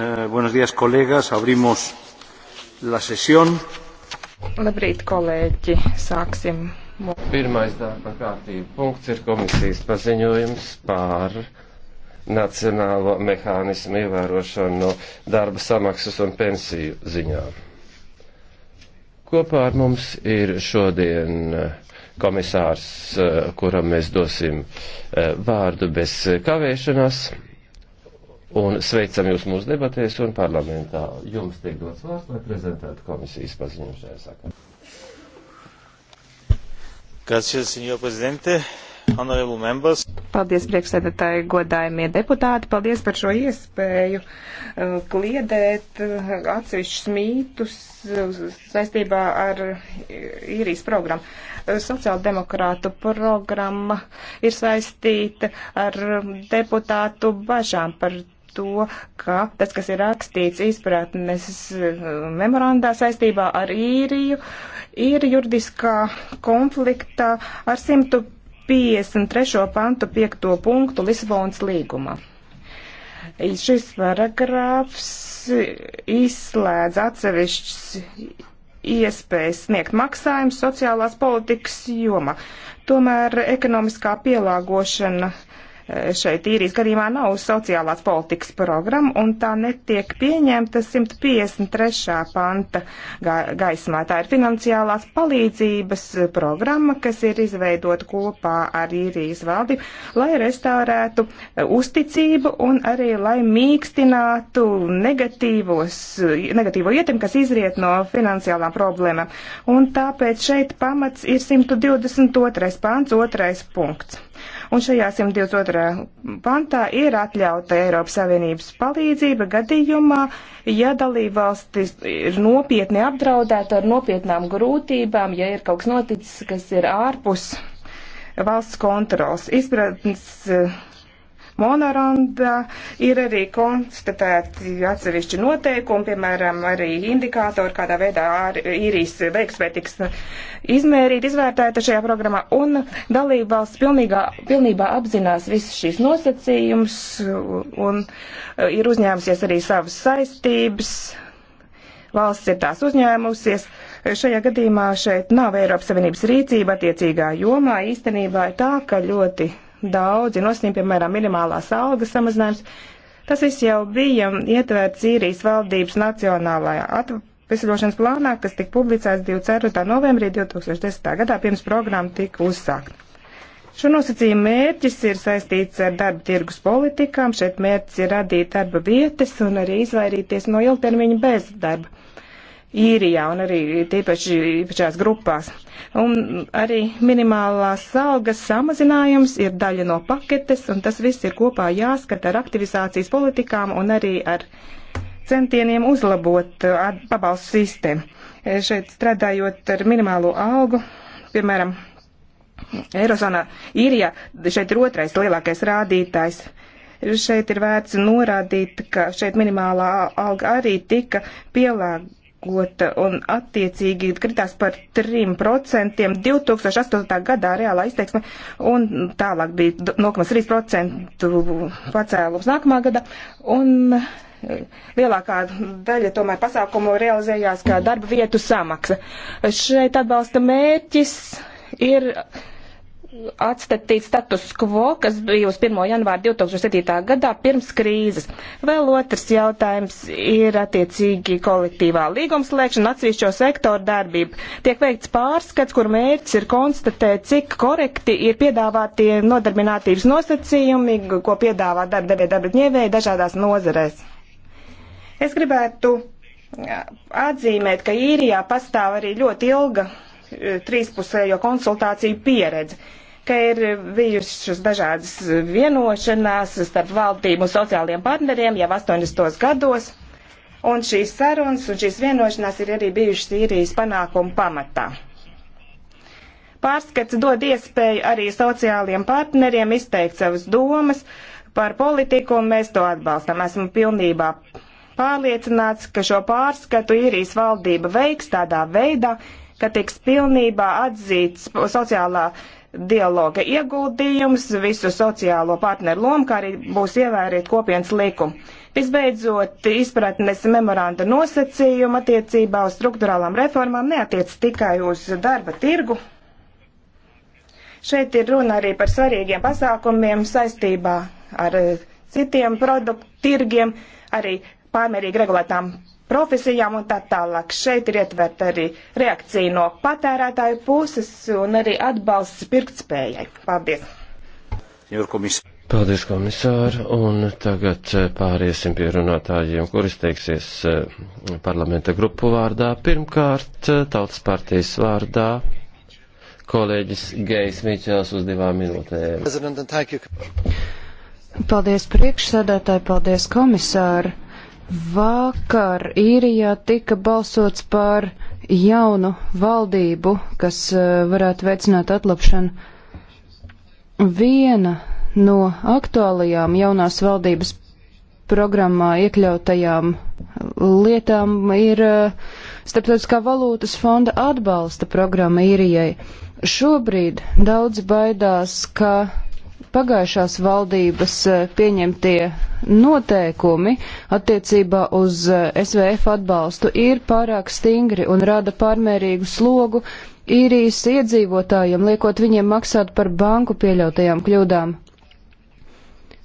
Eh, buenos días, colegas. Abrimos la sesión. Labrīt, kolēģi. Sāksim. Pirmais darba kārtība punkts ir komisijas paziņojums par nacionālo mehānismu ievērošanu no darba samaksas un pensiju ziņā. Kopā ar mums ir šodien eh, komisārs, eh, kuram mēs dosim eh, vārdu bez kavēšanās un sveicam jūs mūsu debatēs un parlamentā. Jums tiek dots vārds, lai prezentētu komisijas paziņojumu šajā sakarā. Gracias, senor prezidente, honorable members. Paldies, priekšsēdētāji, godājumie deputāti. Paldies par šo iespēju uh, kliedēt uh, atsevišķus mītus uh, saistībā ar īrijas programmu. Uh, sociāldemokrātu programma ir saistīta ar deputātu bažām par to, ka tas, kas ir rakstīts izpratnes eh, memorandā saistībā ar īriju, ir juridiskā konfliktā ar 153. pantu 5. punktu Lisabonas līgumā. Šis paragrāfs izslēdz atsevišķs iespējas sniegt maksājumus sociālās politikas jomā. Tomēr ekonomiskā pielāgošana uh, šeit īrijas gadījumā nav sociālās politikas programma, un tā netiek pieņemta 153. panta gaismā. Tā ir finansiālās palīdzības programma, kas ir izveidota kopā ar īrijas valdību, lai restaurētu e, uzticību un arī lai mīkstinātu negatīvos, negatīvo ietekmi, kas izriet no finansiālām problēmām. Un tāpēc šeit pamats ir 122. pants, otrais punkts Un šajā 122. pantā ir atļauta Eiropas Savienības palīdzība gadījumā, ja dalībvalstis ir nopietni apdraudēta ar nopietnām grūtībām, ja ir kaut kas noticis, kas ir ārpus valsts kontrols. Izpratnes monoronda ir arī konstatēti atsevišķi noteikumi, piemēram, arī indikātori, kādā veidā īrijas veiksmē tiks izmērīt, izvērtēta šajā programmā, un dalībvalsts pilnīgā, pilnībā apzinās visus šīs nosacījumus un e, ir uzņēmusies arī savas saistības. Valsts ir tās uzņēmusies. Šajā gadījumā šeit nav Eiropas Savienības rīcība attiecīgā jomā. Īstenībā ir tā, ka ļoti daudzi nosnīm, piemēram, minimālās algas samazinājums. Tas viss jau bija ietverts īrijas valdības nacionālajā atvesļošanas plānā, kas tika publicēts 24. novembrī 2010. gadā, pirms programma tika uzsākta. Šo nosacījumu mērķis ir saistīts ar darba tirgus politikām. Šeit mērķis ir radīt darba vietas un arī izvairīties no ilgtermiņa bezdarba īrijā un arī tīpaši īpašās grupās. Un arī minimālās algas samazinājums ir daļa no paketes, un tas viss ir kopā jāskata ar aktivizācijas politikām un arī ar centieniem uzlabot uh, pabalstu sistēmu. E, šeit strādājot ar minimālo algu, piemēram, Eirozonā, Īrijā, šeit ir otrais lielākais rādītājs šeit ir vērts norādīt, ka šeit minimālā alga arī tika pielāgota atalgota un attiecīgi kritās par 3% 2008. gadā reālā izteiksme un tālāk bija 0,3% pacēlums nākamā gada. Un e, lielākā daļa tomēr pasākumu realizējās kā darba vietu samaksa. Šeit atbalsta mērķis ir atstatīt status quo, kas bija uz 1. janvāra 2007. gadā pirms krīzes. Vēl otrs jautājums ir attiecīgi kolektīvā līgumslēgšana, atsevišķo sektoru darbība. Tiek veikts pārskats, kur mērķis ir konstatēt, cik korekti ir piedāvātie nodarbinātības nosacījumi, ko piedāvā darba devēja darba ņēvēja dažādās nozarēs. Es gribētu atzīmēt, ka īrijā pastāv arī ļoti ilga e, trīspusējo konsultāciju pieredze ka ir bijušas dažādas vienošanās starp valdību un sociāliem partneriem jau 80. gados, un šīs sarunas un šīs vienošanās ir arī bijušas īrijas panākumu pamatā. Pārskats dod iespēju arī sociāliem partneriem izteikt savas domas par politiku, un mēs to atbalstam. Esmu pilnībā pārliecināts, ka šo pārskatu īrijas valdība veiks tādā veidā, ka tiks pilnībā atzīts sociālā uh, dialoga ieguldījums, visu sociālo partneru lomu, kā arī būs ievērīt kopienas likumu. Visbeidzot, izpratnes memoranda nosacījuma attiecībā uz struktūrālām reformām neatiec tikai uz darba tirgu. Šeit ir runa arī par svarīgiem pasākumiem saistībā ar eh, citiem produktu tirgiem, arī pārmērīgi regulētām profesijām un tā tālāk. Šeit ir ietvert arī reakcija no patērētāju puses un arī atbalsts pirktspējai. Paldies! Paldies, komisāri, un tagad eh, pāriesim pie runātājiem, kuris teiksies eh, parlamenta grupu vārdā. Pirmkārt, eh, tautas partijas vārdā, kolēģis Gejs Mičels uz divām minūtēm. Paldies priekšsēdētāji, paldies komisāri. Vakar īrijā tika balsots par jaunu valdību, kas eh, varētu veicināt atlapšanu. Viena no aktuālajām jaunās valdības programmā iekļautajām lietām ir eh, Starptautiskā valūtas fonda atbalsta programma īrijai. Šobrīd daudz baidās, ka pagājušās valdības eh, pieņemtie noteikumi attiecībā uz eh, SVF atbalstu ir pārāk stingri un rada pārmērīgu slogu īrijas iedzīvotājiem, liekot viņiem maksāt par banku pieļautajām kļūdām.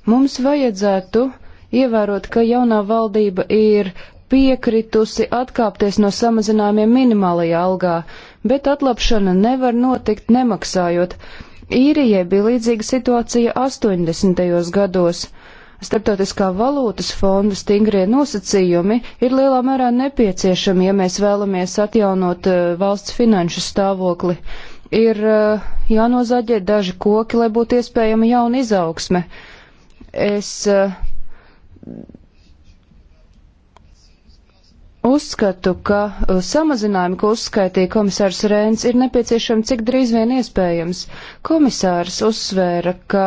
Mums vajadzētu ievērot, ka jaunā valdība ir piekritusi atkāpties no samazinājumiem minimālajā algā, bet atlapšana nevar notikt nemaksājot. Īrijai bija līdzīga situācija 80. gados. Startautiskā valūtas fonda stingrie nosacījumi ir lielā mērā nepieciešami, ja mēs vēlamies atjaunot eh, valsts finanšu stāvokli. Ir eh, jānozaģē daži koki, lai būtu iespējama jauna izaugsme. Es eh, Uzskatu, ka uh, samazinājumi, ko uzskaitīja komisārs Rēns, ir nepieciešami cik drīz vien iespējams. Komisārs uzsvēra, ka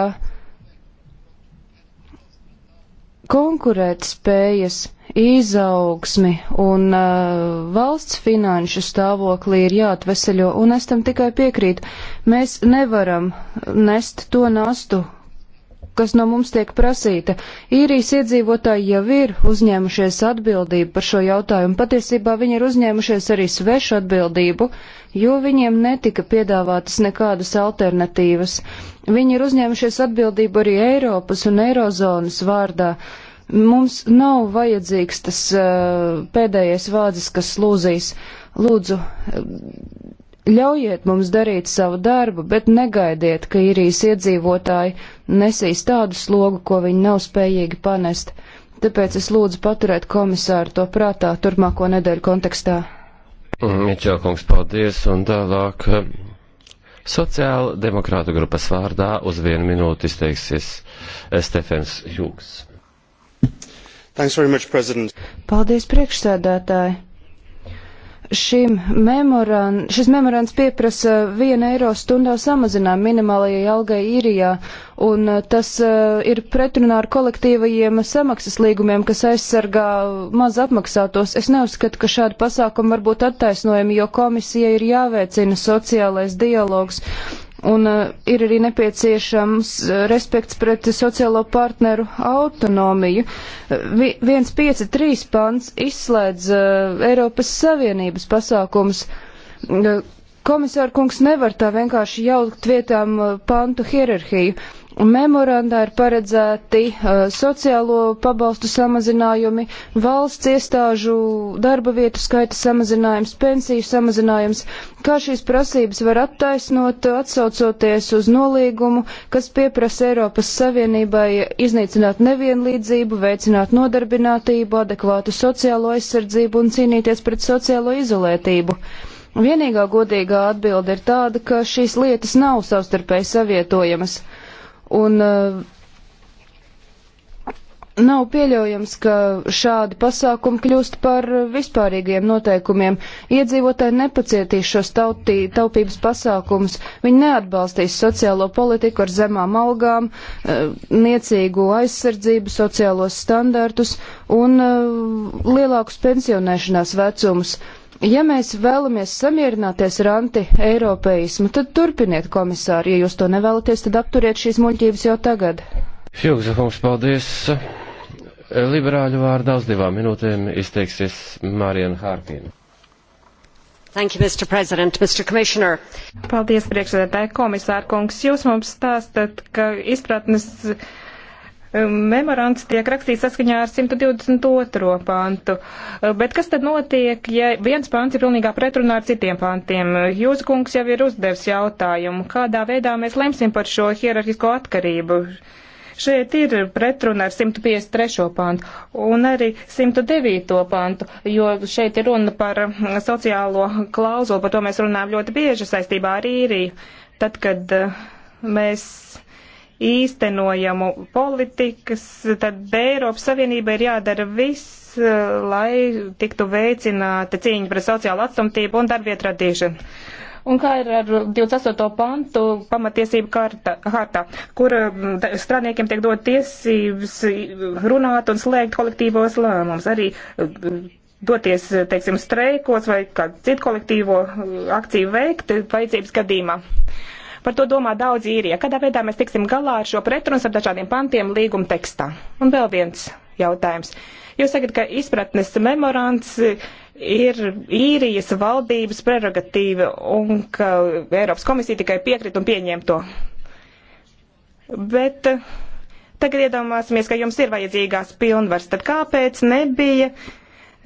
konkurētspējas izaugsmi un uh, valsts finanšu stāvoklī ir jāatveseļo, un es tam tikai piekrītu. Mēs nevaram nest to nastu, kas no mums tiek prasīta. Īrijas iedzīvotāji jau ir uzņēmušies atbildību par šo jautājumu. Patiesībā viņi ir uzņēmušies arī svešu atbildību, jo viņiem netika piedāvātas nekādas alternatīvas. Viņi ir uzņēmušies atbildību arī Eiropas un Eirozonas vārdā. Mums nav vajadzīgs tas uh, pēdējais vārds, kas lūzīs. Lūdzu, eh, Ļaujiet mums darīt savu darbu, bet negaidiet, ka īrijas iedzīvotāji nesīs tādu slogu, ko viņi nav spējīgi panest. Tāpēc es lūdzu paturēt komisāru to prātā turpmāko nedēļu kontekstā. Mm, Mičelkungs, paldies, un tālāk eh, sociāla demokrāta grupas vārdā uz vienu minūti izteiksies eh, Stefens Jūks. Much, Paldies, priekšsēdētāji! šim memoran, šis memorands pieprasa 1 eiro stundā samazinājumu minimālajai algai īrijā, un uh, tas uh, ir pretrunā ar kolektīvajiem samaksas līgumiem, kas aizsargā maz apmaksātos. Es neuzskatu, ka šādi pasākumi var būt attaisnojami, jo komisija ir jāveicina sociālais dialogs Un uh, ir arī nepieciešams uh, respekts pret sociālo partneru autonomiju. Uh, vi, 1.5.3 pants izslēdz uh, Eiropas Savienības pasākums. Uh, Komisāra kungs nevar tā vienkārši jaukt vietām uh, pantu hierarhiju. Memorandā ir paredzēti uh, sociālo pabalstu samazinājumi, valsts iestāžu darba vietu skaita samazinājums, pensiju samazinājums. Kā šīs prasības var attaisnot, atsaucoties uz nolīgumu, kas pieprasa Eiropas Savienībai iznīcināt nevienlīdzību, veicināt nodarbinātību, adekvātu sociālo aizsardzību un cīnīties pret sociālo izolētību? Vienīgā godīgā atbilde ir tāda, ka šīs lietas nav savstarpēji savietojamas. Un eh, nav pieļaujams, ka šādi pasākumi kļūst par vispārīgiem noteikumiem. Iedzīvotāji nepacietīs šos tautī, taupības pasākumus, viņi neatbalstīs sociālo politiku ar zemām algām, eh, niecīgu aizsardzību, sociālos standartus un eh, lielākus pensionēšanās vecumus ja mēs vēlamies samierināties ar anti-eiropeismu, tad turpiniet, komisāri. Ja jūs to nevēlaties, tad apturiet šīs muļķības jau tagad. Fjūgza kungs, paldies. Liberāļu vārdā uz divām minūtēm izteiksies Mariana Hārkina. You, Mr. Mr. Paldies, priekšsēdētāji komisārkungs. Jūs mums stāstat, ka izpratnes. Uh, Memorands tiek rakstīts saskaņā ar 122. pantu, bet kas tad notiek, ja viens pants ir pilnīgā pretrunā ar citiem pantiem? Jūs, kungs, jau ir uzdevis jautājumu, kādā veidā mēs lemsim par šo hierarhisko atkarību. Šeit ir pretruna ar 153. pantu un arī 109. pantu, jo šeit ir runa par sociālo klauzulu, par to mēs runājam ļoti bieži saistībā ar īriju. Tad, kad mēs īstenojamu politikas, tad Eiropas Savienība ir jādara viss, eh, lai tiktu veicināta cīņa pret sociālu atstumtību un darbvietu radīšanu. Un kā ir ar 28. pantu pamatiesību karta, harta, kur eh, strādniekiem tiek dot tiesības runāt un slēgt kolektīvos lēmumus, arī eh, doties, teiksim, streikos vai kādu citu kolektīvo akciju veikt vajadzības gadījumā? Uh, Par to domā daudz īrie. Kādā veidā mēs tiksim galā ar šo pretrunu ar dažādiem pantiem līguma tekstā? Un vēl viens jautājums. Jūs sakat, ka izpratnes memorands ir īrijas valdības prerogatīva un ka Eiropas komisija tikai piekrit un pieņem to. Bet eh, tagad iedomāsimies, ka jums ir vajadzīgās pilnvars, tad kāpēc nebija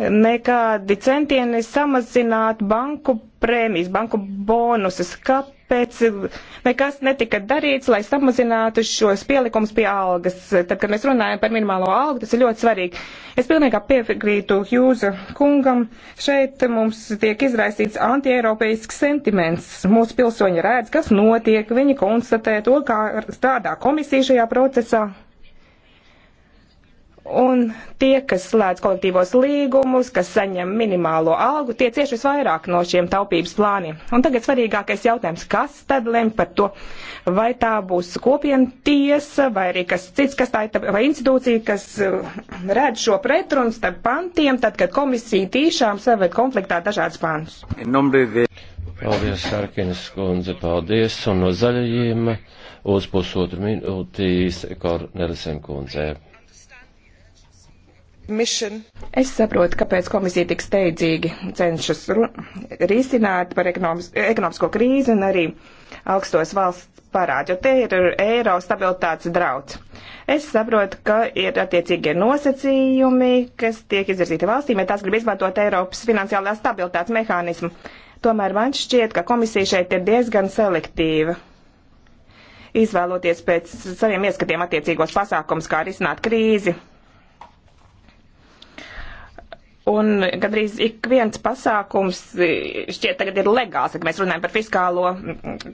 nekādi centieni samazināt banku prēmijas, banku bonusus? Kāpēc? kāpēc eh, nekas netika darīts, lai samazinātu šos pielikumus pie algas. Tad, kad mēs runājam par minimālo algu, tas ir ļoti svarīgi. Es pilnīgi piekrītu Hjūza kungam. Šeit mums tiek izraisīts antieiropeisks sentiments. Mūsu pilsoņi redz, kas notiek, viņi konstatē to, kā strādā komisija šajā procesā. Un tie, kas slēdz kolektīvos līgumus, kas saņem minimālo algu, tie cieši visvairāk no šiem taupības plāniem. Un tagad svarīgākais jautājums, kas tad lem par to, vai tā būs kopiena tiesa, vai arī kas cits, kas tā ir, vai institūcija, kas uh, redz šo pretrunu starp pantiem, tad, kad komisija tīšām saved konfliktā dažādas pantus. Paldies, Sārkins kundze, paldies, un no zaļajiem uz pusotru minūtīs Kornelisen kundzei. Es saprotu, kāpēc komisija tik steidzīgi cenšas risināt par ekonomis ekonomisko krīzi un arī augstos valsts parādu, jo te ir eiro stabilitātes drauds. Es saprotu, ka ir attiecīgie nosacījumi, kas tiek izvirzīti valstīm, ja tās grib izmantot Eiropas finansiālā stabilitātes mehānismu. Tomēr man šķiet, ka komisija šeit ir diezgan selektīva izvēloties pēc saviem ieskatiem attiecīgos pasākums, kā risināt krīzi Un gandrīz ik viens pasākums šķiet tagad ir legāls, kad mēs runājam par fiskālo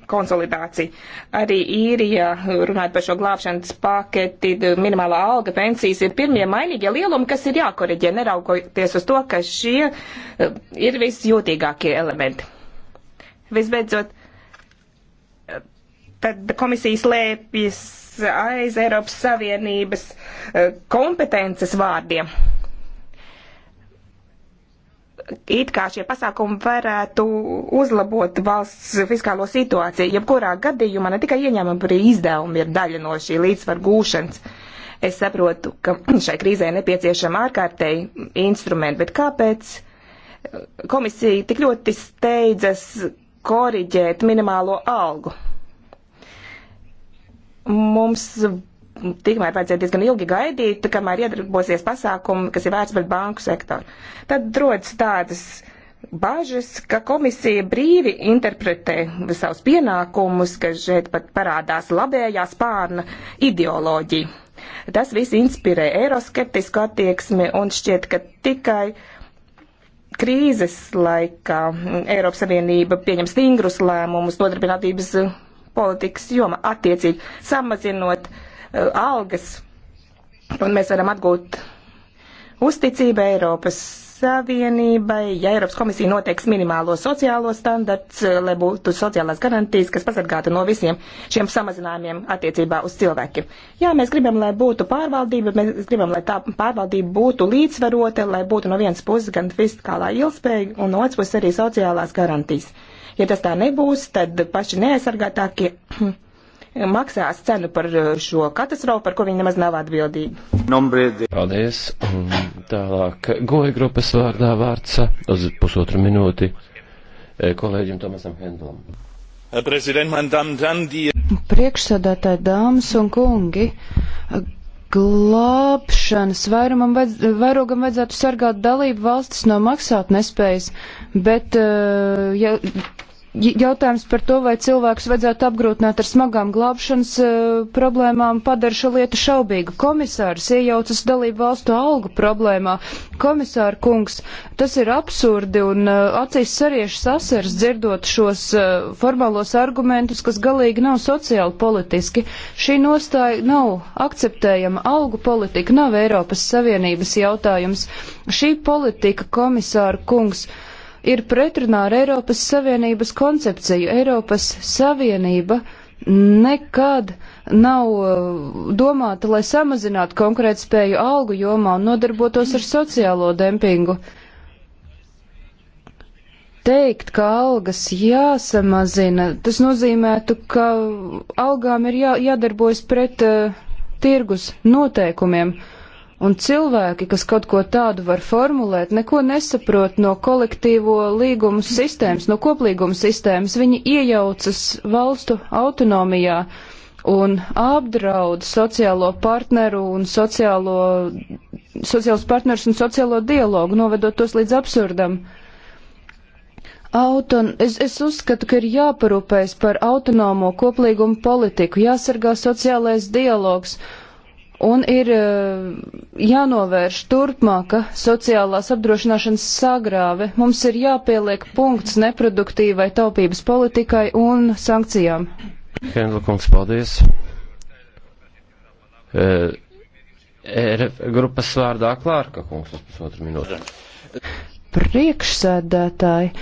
konsolidāciju. Arī īrija, runājot par šo glābšanas paketi, minimālā alga, pensijas ir pirmie mainīgie lielumi, kas ir jākoriģē, neraugoties uz to, ka šie eh, ir visjūtīgākie elementi. Visbeidzot, eh, tad komisija slēpjas aiz Eiropas Savienības eh, kompetences vārdiem it kā šie pasākumi varētu uzlabot valsts fiskālo situāciju. Jebkurā gadījumā ne tikai ieņēmumi, bet arī izdevumi ir daļa no šī līdzsvaru gūšanas. Es saprotu, ka šai krīzē nepieciešama ārkārtēji instrumenti, bet kāpēc komisija tik ļoti steidzas koriģēt minimālo algu? Mums tikmēr vajadzēja diezgan ilgi gaidīt, kamēr iedarbosies pasākumi, kas ir vērts pret banku sektoru. Tad rodas tādas bažas, ka komisija brīvi interpretē savus pienākumus, ka šeit pat parādās labējā spārna ideoloģija. Tas viss inspirē eiroskeptisku attieksmi un šķiet, ka tikai krīzes laikā Eiropas Savienība pieņem stingrus lēmumus nodarbinātības politikas joma attiecīgi samazinot uh, Eh, algas, un mēs varam atgūt uzticību Eiropas Savienībai, ja Eiropas komisija noteiks minimālo sociālo standarts, eh, lai būtu sociālās garantijas, kas pasargātu no visiem šiem samazinājumiem attiecībā uz cilvēkiem. Jā, mēs gribam, lai būtu pārvaldība, mēs gribam, lai tā pārvaldība būtu līdzsvarota, lai būtu no vienas puses gan fiskālā ilgspēja un no otras puses arī sociālās garantijas. Ja tas tā nebūs, tad paši neaizsargātākie maksās cenu par eh, šo katastrofu, par ko viņi nemaz nav atbildīgi. Paldies. Tālāk goja grupas vārdā vārds uz pusotru minūti eh, kolēģim Tomasam Hendlam. Priekšsādātāji dāmas un kungi, glābšanas vairumam vajadz, vairogam vajadzētu sargāt dalību valstis no maksātnespējas, bet, eh, ja jautājums par to, vai cilvēkus vajadzētu apgrūtināt ar smagām glābšanas eh, problēmām, padara šo lietu šaubīgu. Komisārs iejaucas dalību valstu algu problēmā. Komisāra kungs, tas ir absurdi un eh, acīs sarieši sasars dzirdot šos eh, formālos argumentus, kas galīgi nav sociāli politiski. Šī nostāja nav akceptējama. Algu politika nav Eiropas Savienības jautājums. Šī politika, komisāra kungs, uh, ir pretrunā ar Eiropas Savienības koncepciju. Eiropas Savienība nekad nav uh, domāta, lai samazinātu konkurētspēju algu jomā un nodarbotos ar sociālo dempingu. Teikt, ka algas jāsamazina, tas nozīmētu, ka algām ir jā, jādarbojas pret uh, tirgus noteikumiem. Uh, Un cilvēki, kas kaut ko tādu var formulēt, neko nesaprot no kolektīvo līgumu sistēmas, no koplīguma sistēmas. Viņi iejaucas valstu autonomijā un apdraud sociālo partneru un sociālo, sociālos partnerus un sociālo dialogu, novedot tos līdz absurdam. Auton, es, es uzskatu, ka ir jāparūpējas par autonomo koplīgumu politiku, jāsargā sociālais dialogs un ir eh, jānovērš turpmāka sociālās apdrošināšanas sagrāve. Mums ir jāpieliek punkts neproduktīvai taupības politikai un sankcijām. Hendla kungs, paldies. E, e, grupas vārdā Klārka kungs uz pusotru minūti. Priekšsēdētāji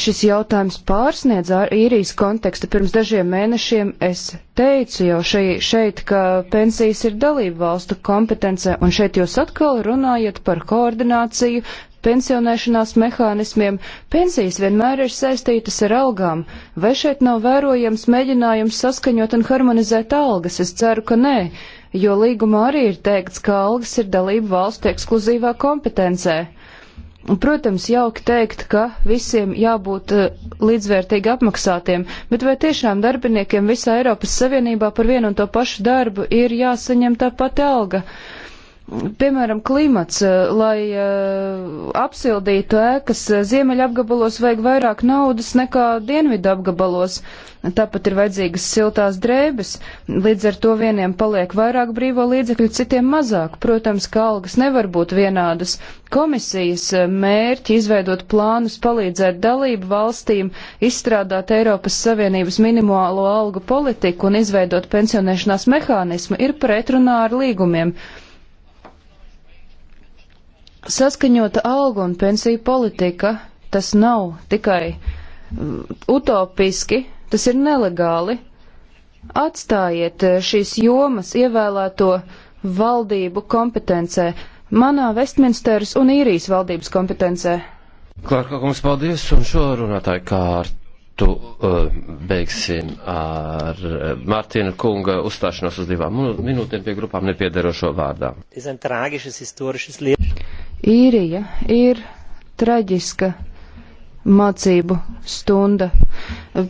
šis jautājums pārsniedz īrijas kontekstu. Pirms dažiem mēnešiem es teicu jau šeit, šeit ka pensijas ir dalību valstu kompetencē, un šeit jūs atkal runājat par koordināciju, pensionēšanās mehānismiem. Pensijas vienmēr ir saistītas ar algām. Vai šeit nav vērojams mēģinājums saskaņot un harmonizēt algas? Es ceru, ka nē, jo līgumā arī ir teikts, ka algas ir dalību valstu ekskluzīvā kompetencē. Protams, jauki teikt, ka visiem jābūt eh, līdzvērtīgi apmaksātiem, bet vai tiešām darbiniekiem visā Eiropas Savienībā par vienu un to pašu darbu ir jāsaņem tā pati alga? Uh, Piemēram, klimats, eh, lai uh, apsildītu ēkas, eh, ziemeļa apgabalos vajag vairāk naudas nekā dienvidu apgabalos. Tāpat ir vajadzīgas siltās drēbes, līdz ar to vieniem paliek vairāk brīvo līdzekļu, citiem mazāk. Protams, ka algas nevar būt vienādas. Komisijas mērķi izveidot plānus palīdzēt dalību valstīm, izstrādāt Eiropas Savienības minimālo algu politiku un izveidot pensionēšanās mehānismu ir pretrunā ar līgumiem. Saskaņota algu un pensiju politika tas nav tikai mm, utopiski, tas ir nelegāli. Atstājiet eh, šīs jomas ievēlēto valdību kompetencē, manā Vestminsteras un īrijas valdības kompetencē. Klārka kungs, paldies, un šo runātāju kārtu uh, beigsim ar eh, Mārtiņa kunga uzstāšanos uz divām minūtēm pie grupām nepiedarošo vārdā. Īrija ir traģiska mācību stunda.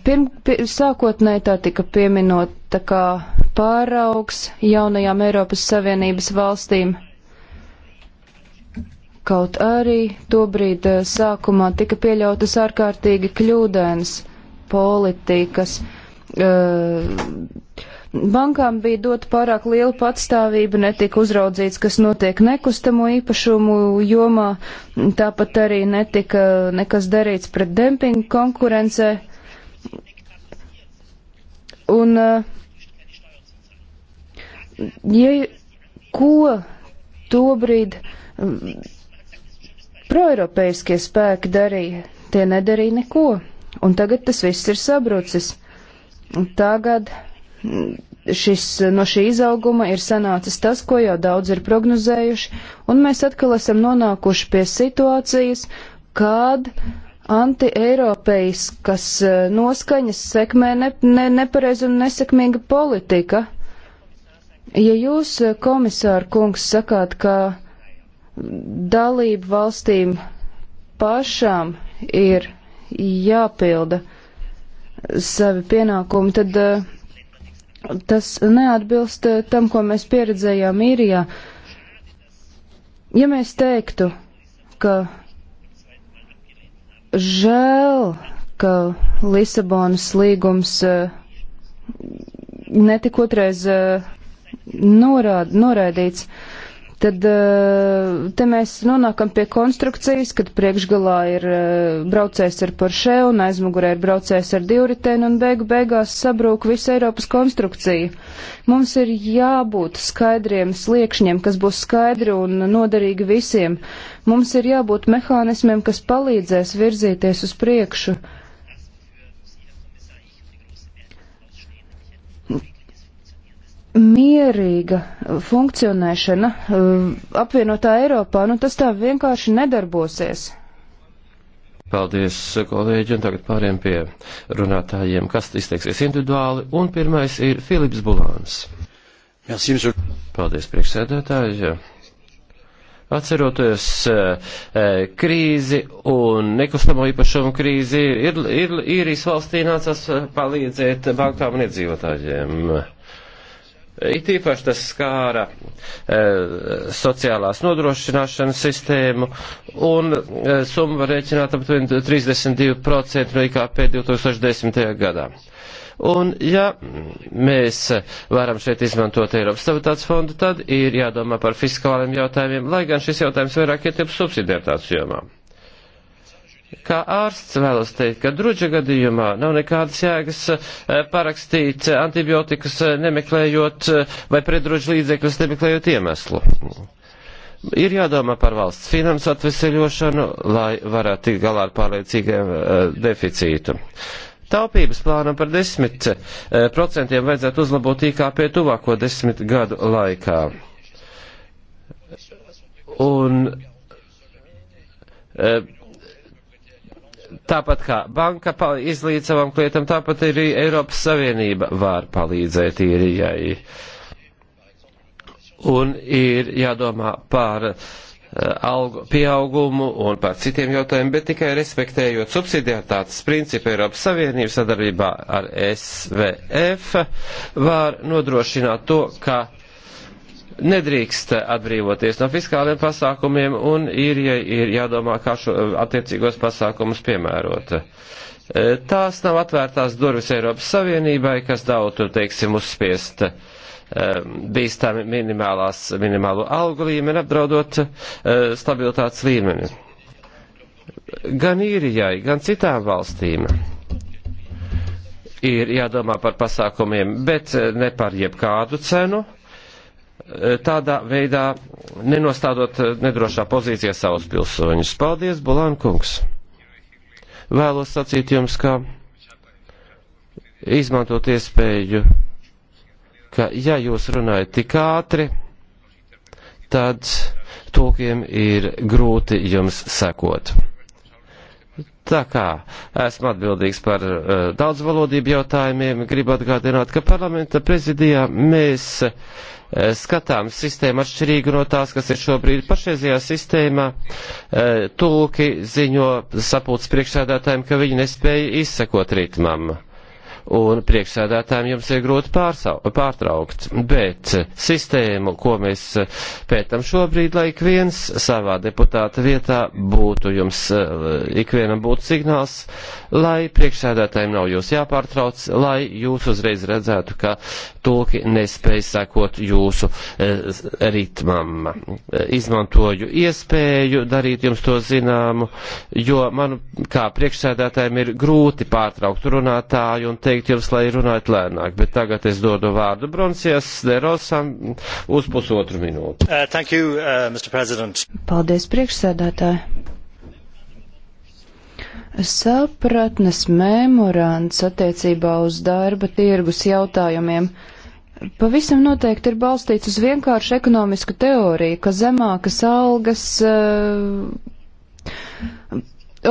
Pirm, pir, sākotnēji tā tika pieminota kā pāraugs jaunajām Eiropas Savienības valstīm. Kaut arī tobrīd sākumā tika pieļautas ārkārtīgi kļūdainas politikas. Uh, Bankām bija dota pārāk liela patstāvība, netika uzraudzīts, kas notiek nekustamo īpašumu jomā, tāpat arī netika nekas darīts pret dempingu konkurencē. Un, eh, ja ko tobrīd eh, proeiropeiskie spēki darīja, tie nedarīja neko, un tagad tas viss ir sabrucis. Tagad šis, no šī izauguma ir sanācis tas, ko jau daudz ir prognozējuši, un mēs atkal esam nonākuši pie situācijas, kad antieiropeiskas e, noskaņas sekmē ne, ne, nepareiz un nesekmīga politika. Ja jūs, e, komisāra kungs, sakāt, ka dalību valstīm pašām ir jāpilda savi pienākumi, tad uh, Tas neatbilst eh, tam, ko mēs pieredzējām īrijā. Ja mēs teiktu, ka žēl, ka Lisabonas līgums eh, netika otrais eh, norād, noraidīts, tad eh, te mēs nonākam pie konstrukcijas, kad priekšgalā ir eh, braucējs ar poršē un aizmugurē ir braucējs ar divritēnu un beigu beigās sabrūk visa Eiropas konstrukcija. Mums ir jābūt skaidriem sliekšņiem, kas būs skaidri un noderīgi visiem. Mums ir jābūt mehānismiem, kas palīdzēs virzīties uz priekšu. mierīga funkcionēšana e, apvienotā Eiropā, nu tas tā vienkārši nedarbosies. Paldies, kolēģi, un tagad pāriem pie runātājiem, kas izteiksies individuāli, un pirmais ir Filips Bulāns. Merci, monsieur. Paldies, priekšsēdētāji. Atceroties e, e, krīzi un nekustamo īpašumu krīzi, ir, ir, īrijas valstī nācās palīdzēt bankām un iedzīvotājiem It īpaši tas skāra e, sociālās nodrošināšanas sistēmu, un e, summa var rēķināt aptuveni 32% no IKP 2010. gadā. Un, ja mēs varam šeit izmantot Eiropas stabilitātes fondu, tad ir jādomā par fiskāliem jautājumiem, lai gan šis jautājums vairāk ietilp subsidiaritātes jomām. Kā ārsts vēlas teikt, ka druģa gadījumā nav nekādas jēgas eh, parakstīt eh, antibiotikas eh, nemeklējot vai predruģa līdzekļus nemeklējot iemeslu. Ir jādomā par valsts finansu atveseļošanu, lai varētu tikt galā ar pārliecīgiem deficītu. Taupības plānam par 10% vajadzētu uzlabot IKP tuvāko desmit gadu laikā. Un Tāpat kā banka izlīdz savam klietam, tāpat arī Eiropas Savienība var palīdzēt īrijai. Un ir jādomā par eh, algu pieaugumu un par citiem jautājumiem, bet tikai respektējot subsidiartātes principu Eiropas Savienības sadarbībā ar SVF var nodrošināt to, ka nedrīkst atbrīvoties no fiskāliem pasākumiem un ir, ja, ir jādomā, kā šo eh, attiecīgos pasākumus piemērot. Eh, tās nav atvērtās durvis Eiropas Savienībai, kas dautu, teiksim, uzspiest eh, bīstami minimālās, minimālo algu līmeni, apdraudot stabilitātes līmeni. Gan īrijai, gan citām valstīm ir jādomā par pasākumiem, bet ne par jebkādu cenu Eh, tādā veidā nenostādot eh, nedrošā pozīcijā savus pilsoņus. Paldies, Bulāna kungs! Vēlos sacīt jums, ka izmantot iespēju, ka ja jūs runājat tik ātri, tad tūkiem ir grūti jums sekot. Tā kā esmu atbildīgs par uh, daudzvalodību jautājumiem, gribu atgādināt, ka parlamenta prezidijā mēs uh, Eh, skatām sistēmu atšķirīgu no tās, kas ir šobrīd pašreizajā sistēmā. Eh, Tūki ziņo sapulces priekšsēdētājiem, ka viņi nespēja izsekot ritmam un priekšsēdētājiem jums ir grūti pārsau, pārtraukt. Bet sistēmu, ko mēs pētam šobrīd, lai ik viens savā deputāta vietā būtu jums, eh, ikvienam būtu signāls, lai priekšsēdētājiem nav jūs jāpārtrauc, lai jūs uzreiz redzētu, ka tulki nespēj sekot jūsu eh, ritmam. Izmantoju iespēju darīt jums to zināmu, jo man kā priekšsēdētājiem ir grūti pārtraukt runātāju un teikt, teikt jums, lai runājat lēnāk, bet tagad es dodu vārdu Bronsijas Derosam uz pusotru minūti. Uh, thank you, uh, Mr. President. Paldies, priekšsēdētāji. Sapratnes memorands attiecībā uz darba tirgus jautājumiem pavisam noteikti ir balstīts uz vienkāršu ekonomisku teoriju, ka zemākas algas uh,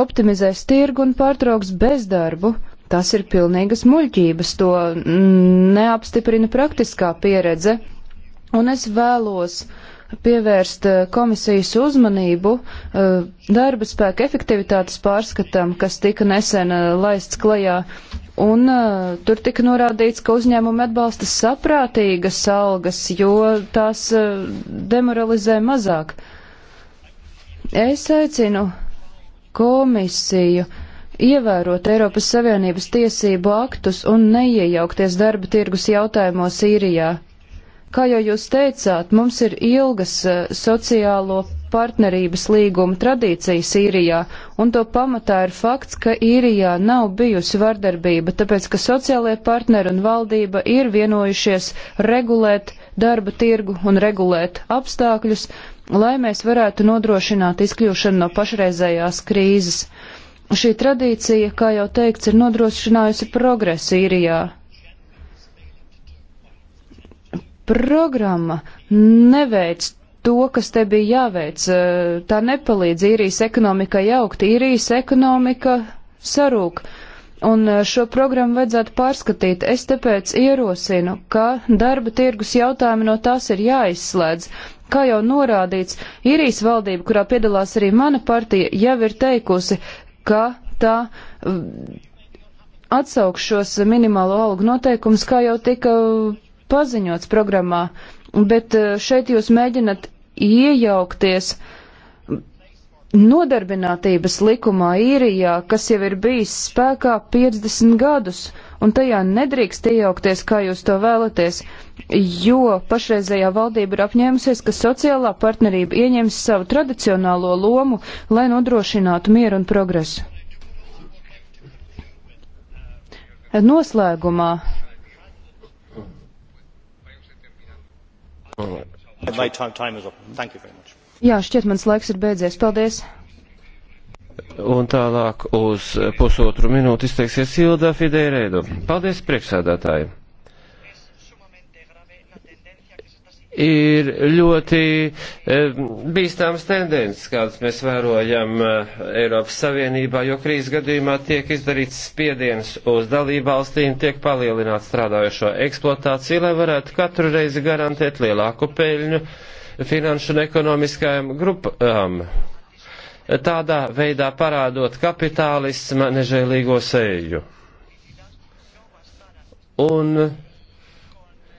optimizēs tirgu un pārtrauks bezdarbu. Uh, Tas ir pilnīgas muļķības, to neapstiprina praktiskā pieredze, un es vēlos pievērst eh, komisijas uzmanību eh, darba spēka efektivitātes pārskatam, kas tika nesen eh, laists klajā, un tur tika norādīts, ka uzņēmumi atbalsta saprātīgas algas, jo tās demoralizē mazāk. Es aicinu komisiju ievērot Eiropas Savienības tiesību aktus un neiejaukties darba tirgus jautājumos īrijā. Kā jau jūs teicāt, mums ir ilgas eh, sociālo partnerības līguma tradīcijas īrijā, un to pamatā ir fakts, ka īrijā nav bijusi vardarbība, tāpēc ka sociālie partneri un valdība ir vienojušies regulēt darba tirgu un regulēt apstākļus, lai mēs varētu nodrošināt izkļūšanu no pašreizējās krīzes. Šī tradīcija, kā jau teikts, ir nodrošinājusi progresu īrijā. Programma neveic to, kas te bija jāveic. Tā nepalīdz īrijas ekonomikai augt. Īrijas ekonomika sarūk. Un eh, šo programmu vajadzētu pārskatīt. Es tāpēc ierosinu, ka darba tirgus jautājumi no tās ir jāizslēdz. Kā jau norādīts, īrijas valdība, kurā piedalās arī mana partija, jau ir teikusi, ka tā mm, atsauks šos minimālo algu noteikumus, kā jau tika paziņots programmā, bet eh, šeit jūs mēģinat iejaukties uh, Nodarbinātības likumā īrijā, kas jau ir bijis spēkā 50 gadus, un tajā nedrīkst iejaukties, kā jūs to vēlaties, jo pašreizējā valdība ir apņēmusies, ka sociālā partnerība ieņems savu tradicionālo lomu, lai nodrošinātu mieru un progresu. Noslēgumā. My time, time is up. Thank you very much. Jā, šķiet, mans laiks ir beidzies. Paldies! Un tālāk uz pusotru minūti izteiksies Ilda Fideireido. Paldies, priekšsēdētāji! Ir ļoti e, bīstams tendences, kādas mēs vērojam e, Eiropas Savienībā, jo krīzes gadījumā tiek izdarīts spiediens uz dalību valstīm, tiek palielināta strādājošo eksploatācija, lai varētu katru reizi garantēt lielāku peļņu finanšu un ekonomiskajām grupām, tādā veidā parādot kapitālisma nežēlīgo seju. Un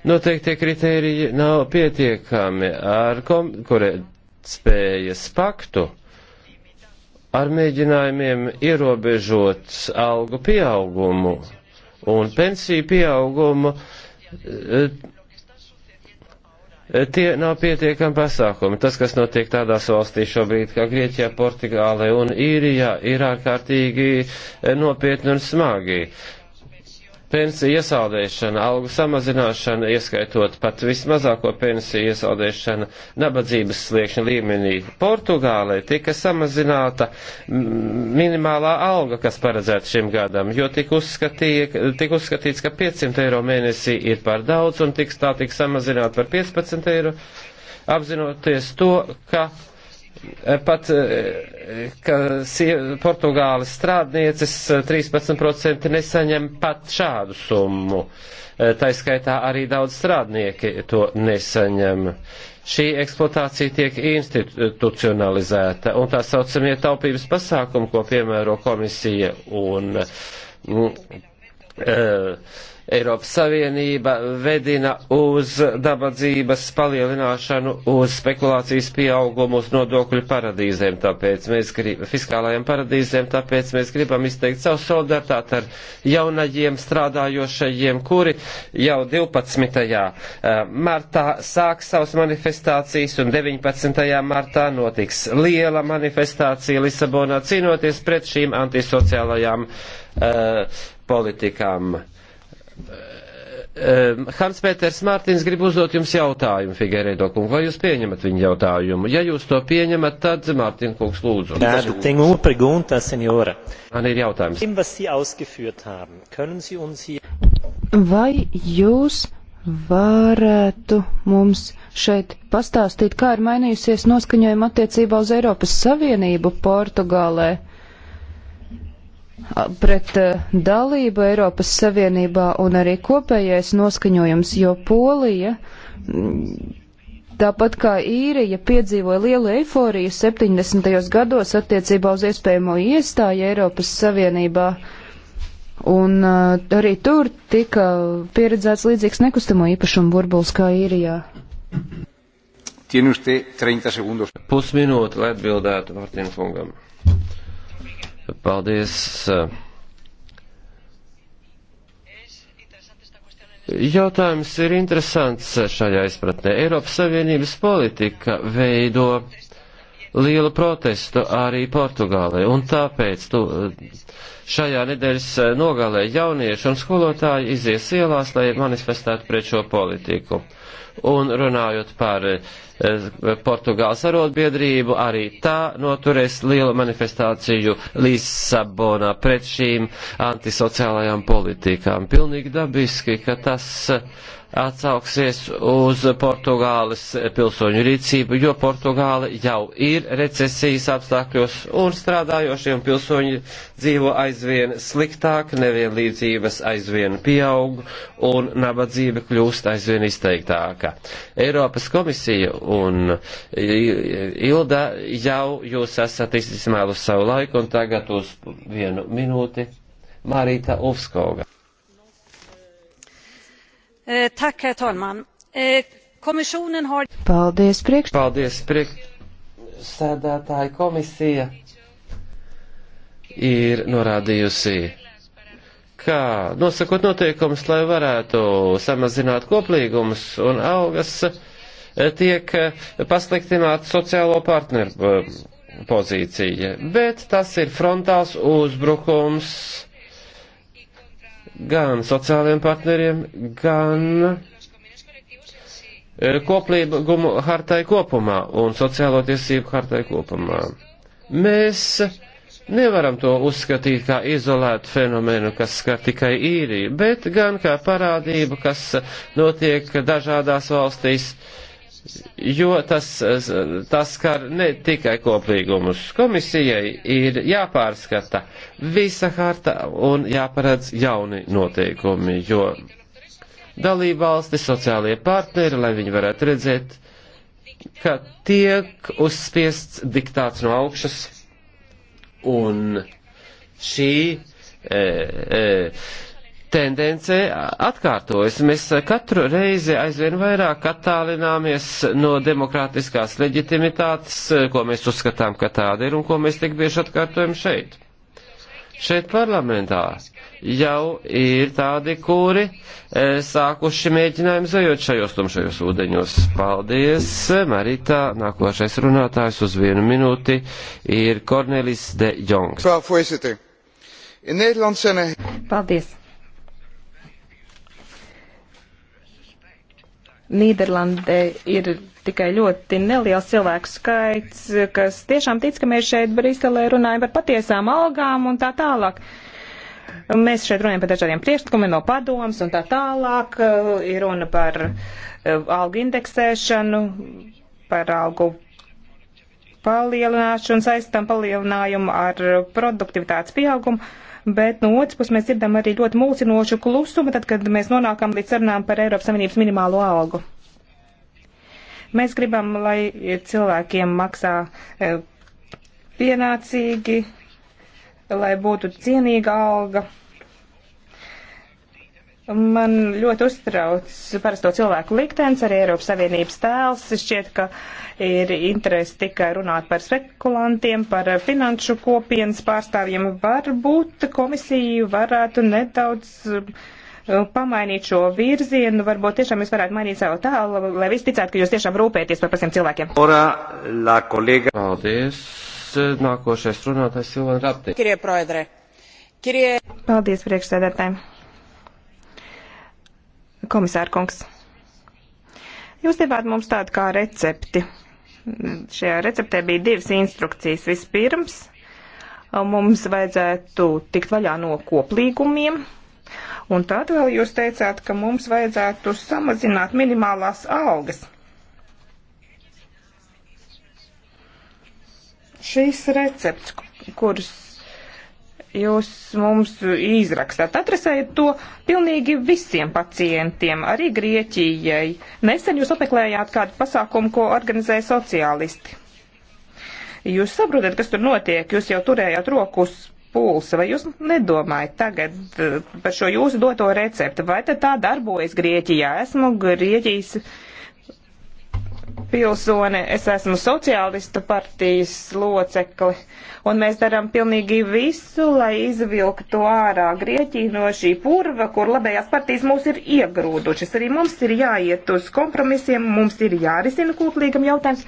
noteikti tie kriteriji nav pietiekami ar konkurētspējas paktu, ar mēģinājumiem ierobežot algu pieaugumu un pensiju pieaugumu eh, tie nav pietiekami pasākumi. Tas, kas notiek tādās valstīs šobrīd, kā Grieķijā, Portugālē un Īrijā, ir ārkārtīgi nopietni un smagi pensiju iesaldēšana, algu samazināšana, ieskaitot pat vismazāko pensiju iesaldēšana nabadzības sliekšņa līmenī. Portugālē tika samazināta minimālā alga, kas paredzēta šim gadam, jo tika, uzskatīja, tika uzskatīts, ka 500 eiro mēnesī ir par daudz un tiks tā tik samazināta par 15 eiro, apzinoties to, ka pat, eh, ka Portugāles strādnieces 13% eh, nesaņem pat šādu summu. Eh, tā skaitā arī daudz strādnieki to nesaņem. Šī eksploatācija tiek institucionalizēta, un tā saucamie taupības pasākumi, ko piemēro komisija un. Mm, uh, Eiropas Savienība vedina uz dabadzības palielināšanu, uz spekulācijas pieaugumu, uz nodokļu paradīzēm, tāpēc mēs gribam, fiskālajiem paradīzēm, tāpēc mēs gribam izteikt savu solidaritāti ar jaunajiem strādājošajiem, kuri jau 12. Eh, martā sāks savas manifestācijas un 19. martā notiks liela manifestācija Lisabonā cīnoties pret šīm antisociālajām uh, politikām. Um, Hans Pēters Mārtiņš grib uzdot jums jautājumu, Figueredo kungu, vai jūs pieņemat viņa jautājumu? Ja jūs to pieņemat, tad Mārtiņ kungs lūdzu. Man ir jautājums. Vai jūs varētu mums šeit pastāstīt, kā ir mainījusies noskaņojuma attiecībā uz Eiropas Savienību Portugālē? pret dalību Eiropas Savienībā un arī kopējais noskaņojums, jo Polija, tāpat kā īrija, piedzīvoja lielu eiforiju 70. gados attiecībā uz iespējamo iestāju Eiropas Savienībā, un arī tur tika pieredzēts līdzīgs nekustamo īpašumu burbulis kā īrijā. Tiene usted 30 segundos. Pusminūte, lai atbildētu Martinu kungam. Paldies. Jautājums ir interesants šajā izpratnē. Eiropas Savienības politika veido lielu protestu arī Portugālē, un tāpēc tu, šajā nedēļas nogalē jaunieši un skolotāji izies ielās, lai manifestētu pret šo politiku. Un runājot par eh, Portugāles arotbiedrību, arī tā noturēs lielu manifestāciju Lisabonā pret šīm antisociālajām politikām. Pilnīgi dabiski, ka tas atsauksies uz Portugāles pilsoņu rīcību, jo Portugāla jau ir recesijas apstākļos un strādājošiem pilsoņi dzīvo aizvien sliktāk, nevienlīdzības aizvien pieaug un nabadzība kļūst aizvien izteiktāka. Eiropas komisija un Ilda jau jūs esat izsmēlus savu laiku un tagad uz vienu minūti Marīta Uvskoga. Eh, tak, herr talman. Eh, Komisjonen har. Paldies, priekš. Paldies, priekšsēdētāji komisija ir norādījusi kā nosakot noteikumus, lai varētu samazināt koplīgumus un algas, eh, tiek pasliktināta sociālo partneru pozīcija. Bet tas ir frontāls uzbrukums gan sociālajiem partneriem, gan e, koplīgumu hartai kopumā un sociālo tiesību hartai kopumā. Mēs nevaram to uzskatīt kā izolētu fenomenu, kas skar tikai īriju, bet gan kā parādību, kas notiek dažādās valstīs. Uh, jo tas, tas skar ne tikai koplīgumus. Komisijai ir jāpārskata visa harta un jāparedz jauni noteikumi, jo dalībvalsti, sociālie partneri, lai viņi varētu redzēt, ka tiek uzspiests diktāts no augšas un šī e, e, tendence atkārtojas. Mēs katru reizi aizvien vairāk attālināmies no demokrātiskās leģitimitātes, ko mēs uzskatām, ka tāda ir un ko mēs tik bieži atkārtojam šeit. Šeit parlamentā jau ir tādi, kuri e, sākuši mēģinājumu zajot šajos tumšajos ūdeņos. Paldies, Marita. Nākošais runātājs uz vienu minūti ir Kornelis de Jongs. Er- Paldies. Nīderlandē ir tikai ļoti neliels cilvēku skaits, kas tiešām tic, ka mēs šeit Briselē runājam par patiesām algām un tā tālāk. Mēs šeit runājam par dažādiem priekšlikumiem no padomas un tā tālāk. Eh, ir runa par eh, algu indeksēšanu, par algu palielināšanu, saistām palielinājumu ar produktivitātes pieaugumu bet no otras puses mēs dzirdam arī ļoti mulsinošu klusumu, tad, kad mēs nonākam līdz sarunām par Eiropas Savienības minimālo algu. Mēs gribam, lai cilvēkiem maksā e, pienācīgi, lai būtu cienīga alga Man ļoti uztrauc parasto cilvēku liktenis, arī Eiropas Savienības tēls. Šķiet, ka ir interesi tikai runāt par spekulantiem, par finanšu kopienas pārstāvjiem. Varbūt komisija varētu nedaudz uh, pamainīt šo virzienu. Varbūt tiešām jūs varētu mainīt savu tēlu, lai viss ticētu, ka jūs tiešām rūpēties par pasiem cilvēkiem. Ora, la kolega. Paldies. Nākošais runātājs Silvana Rapti. Kirie proedre. Kirie. Paldies priekšsēdētājiem. Komisārkungs, jūs devāt mums tādu kā recepti. Šajā receptē bija divas instrukcijas. Vispirms mums vajadzētu tikt vaļā no koplīgumiem, un tad vēl jūs teicāt, ka mums vajadzētu samazināt minimālās algas. Šīs recepts, kurus jūs mums izrakstāt. Atrasējiet to pilnīgi visiem pacientiem, arī Grieķijai. Nesen jūs apmeklējāt kādu pasākumu, ko organizēja sociālisti. Jūs saprotat, kas tur notiek, jūs jau turējāt rokus pulsa, vai jūs nedomājat tagad eh, par šo jūsu doto recepti, vai tad tā darbojas Grieķijā? Esmu Grieķijas pilsone, es esmu sociālistu partijas locekli, un mēs darām pilnīgi visu, lai izvilktu ārā Grieķiju no šī purva, kur labējās partijas mūs ir iegrūdušas. Arī mums ir jāiet uz kompromisiem, mums ir jārisina kūtlīgam jautājums.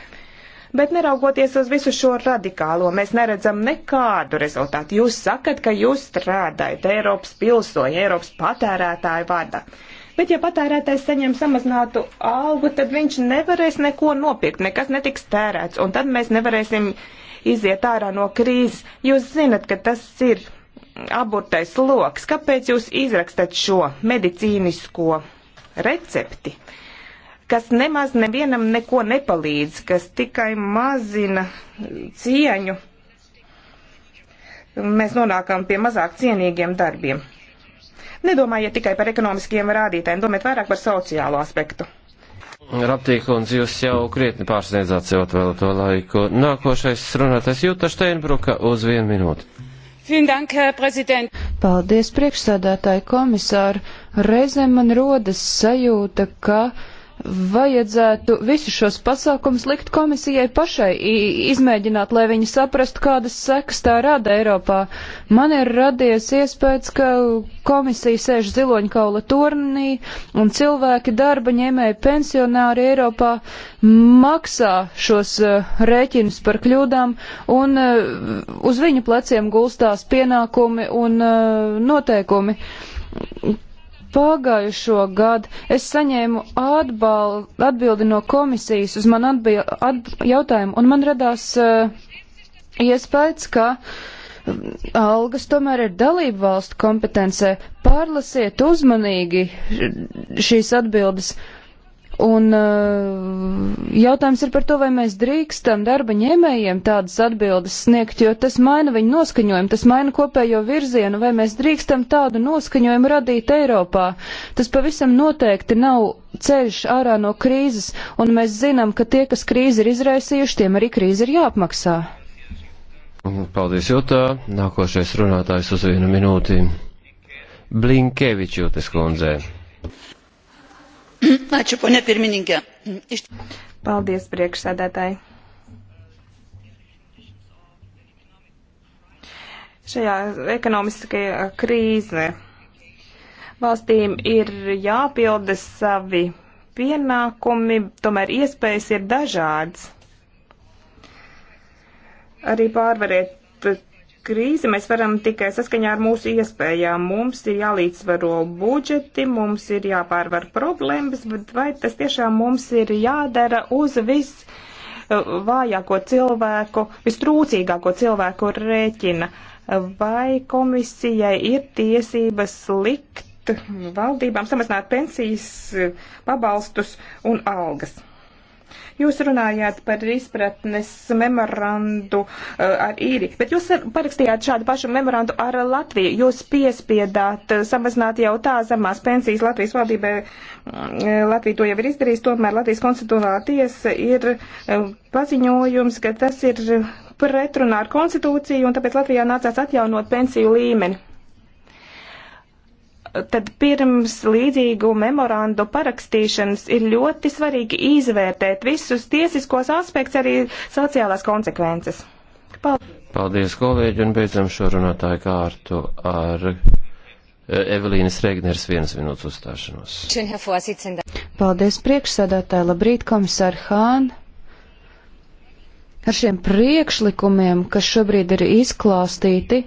Bet neraugoties uz visu šo radikālo, mēs neredzam nekādu rezultātu. Jūs sakat, ka jūs strādājat Eiropas pilsoņu, Eiropas patērētāju vārdā. Bet ja patērētājs saņem samazinātu algu, tad viņš nevarēs neko nopirkt, nekas netiks tērēts, un tad mēs nevarēsim iziet ārā no krīzes. Jūs zinat, ka tas ir aburtais loks. Kāpēc jūs izrakstat šo medicīnisko recepti, kas nemaz nevienam neko nepalīdz, kas tikai mazina cieņu? Mēs nonākam pie mazāk cienīgiem darbiem. Nedomājiet tikai par ekonomiskiem rādītājiem, domājiet vairāk par sociālo aspektu. Raptīkundze, jūs jau krietni pārsniedzāt sev atvēlēto laiku. Nākošais runātais Jūta Steinbruka uz vienu minūti. Dank, Paldies, priekšsēdētāji komisāri. Reizēm man rodas sajūta, ka vajadzētu visus šos pasākumus likt komisijai pašai, izmēģināt, lai viņi saprastu, kādas sekas tā rada Eiropā. Man ir radies iespējas, ka komisija sēž ziloņkaula turnī un cilvēki darba ņēmēji pensionāri Eiropā maksā šos uh, rēķinus par kļūdām un uh, uz viņu pleciem gulstās pienākumi un uh, noteikumi Pagājušo gadu es saņēmu atbal, atbildi no komisijas uz manu atbil, at, jautājumu, un man radās uh, iespējas, ka um, algas tomēr ir dalību valstu kompetencē. Pārlasiet uzmanīgi šīs atbildes. Uh, Un eh, jautājums ir par to, vai mēs drīkstam darba ņēmējiem tādas atbildes sniegt, jo tas maina viņu noskaņojumu, tas maina kopējo virzienu, vai mēs drīkstam tādu noskaņojumu radīt Eiropā. Tas pavisam noteikti nav ceļš ārā no krīzes, un mēs zinām, ka tie, kas krīzi ir izraisījuši, tiem arī krīze ir jāapmaksā. Mm, paldies, Jūtā. Nākošais runātājs uz vienu minūti. Blinkevičūtes kundzei. Ačiū, ponė pirmininkė. Iš... Paldies, priekšsēdētāji. Šajā ekonomiskajā krīze valstīm ir jāpilda savi pienākumi, tomēr iespējas ir dažādas. Arī pārvarēt krīzi mēs varam tikai saskaņā ar mūsu iespējām. Mums ir jālīdzsvaro budžeti, mums ir jāpārvar problēmas, bet vai tas tiešām mums ir jādara uz vis uh, vājāko cilvēku, vistrūcīgāko cilvēku rēķina? Vai komisijai ir tiesības likt valdībām samazināt pensijas, uh, pabalstus un algas? Jūs runājāt par izpratnes memorandu uh, ar īri, bet jūs parakstījāt šādu pašu memorandu ar Latviju. Jūs piespiedāt uh, samazināt jau tā zemās pensijas Latvijas valdībai. Mm, uh, Latvija to jau ir izdarījusi, tomēr Latvijas konstitucionālā tiesa ir paziņojums, ka tas ir pretrunā ar konstitūciju, un tāpēc Latvijā nācās atjaunot pensiju līmeni tad pirms līdzīgu memorandu parakstīšanas ir ļoti svarīgi izvērtēt visus tiesiskos aspektus, arī sociālās konsekvences. Paldies! Paldies, kolēģi, un beidzam šo runātāju kārtu ar eh, Evelīnas Regners vienas minūtes uzstāšanos. Paldies, priekšsēdētāji, labrīt, komisār Hān. Ar šiem priekšlikumiem, kas šobrīd ir izklāstīti,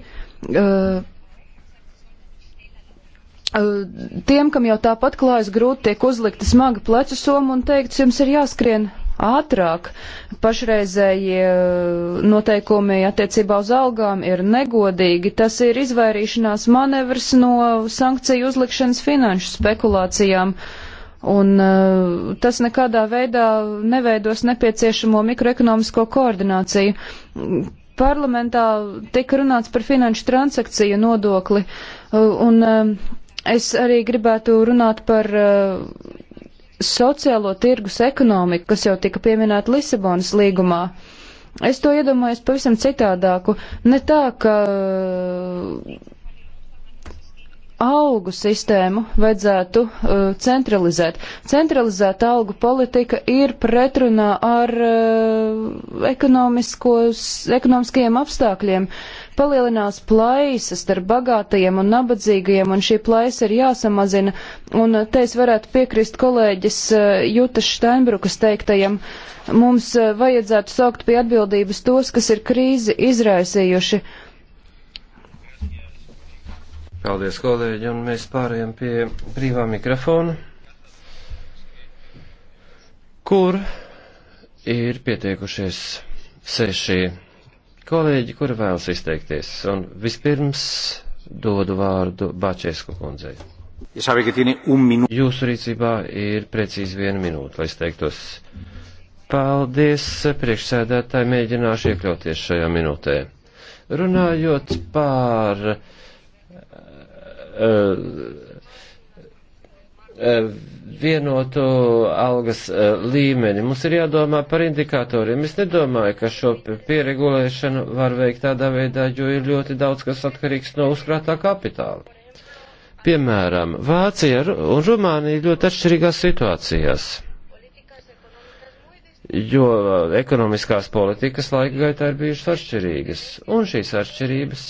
uh, tiem, kam jau tāpat klājas grūti, tiek uzlikta smaga plecu soma un teikts, jums ir jāskrien ātrāk. Pašreizējie noteikumi attiecībā uz algām ir negodīgi. Tas ir izvairīšanās manevrs no sankciju uzlikšanas finanšu spekulācijām. Un uh, tas nekādā veidā neveidos nepieciešamo mikroekonomisko koordināciju. Parlamentā tika runāts par finanšu transakciju nodokli, uh, un uh, Es arī gribētu runāt par uh, sociālo tirgus ekonomiku, kas jau tika pieminēta Lisabonas līgumā. Es to iedomājos pavisam citādāku. Ne tā, ka uh, algu sistēmu vajadzētu uh, centralizēt. Centralizēta algu politika ir pretrunā ar uh, ekonomiskajiem apstākļiem. Uh, palielinās plaisa starp bagātajiem un nabadzīgajiem, un šī plaisa ir jāsamazina. Un eh, te es varētu piekrist kolēģis eh, Jutas Steinbrukas teiktajam, mums eh, vajadzētu saukt pie atbildības tos, kas ir krīzi izraisījuši. Paldies, kolēģi, un mēs pārējām pie brīvā mikrofona, kur ir pieteikušies seši kolēģi, kuri vēlas izteikties, un vispirms dodu vārdu Bačēsku kundzei. Jūsu rīcībā ir precīzi viena minūte, lai izteiktos. Paldies, priekšsēdētāji, mēģināšu iekļauties šajā minūtē. Runājot par uh, Eh, vienotu algas eh, līmeni. Mums ir jādomā par indikatoriem. Es nedomāju, ka šo pieregulēšanu var veikt tādā veidā, jo ir ļoti daudz, kas atkarīgs no uzkrātā kapitāla. Piemēram, Vācija un Rumānija ļoti atšķirīgās situācijās, jo eh, ekonomiskās politikas laika gaitā ir bijušas atšķirīgas, un šīs atšķirības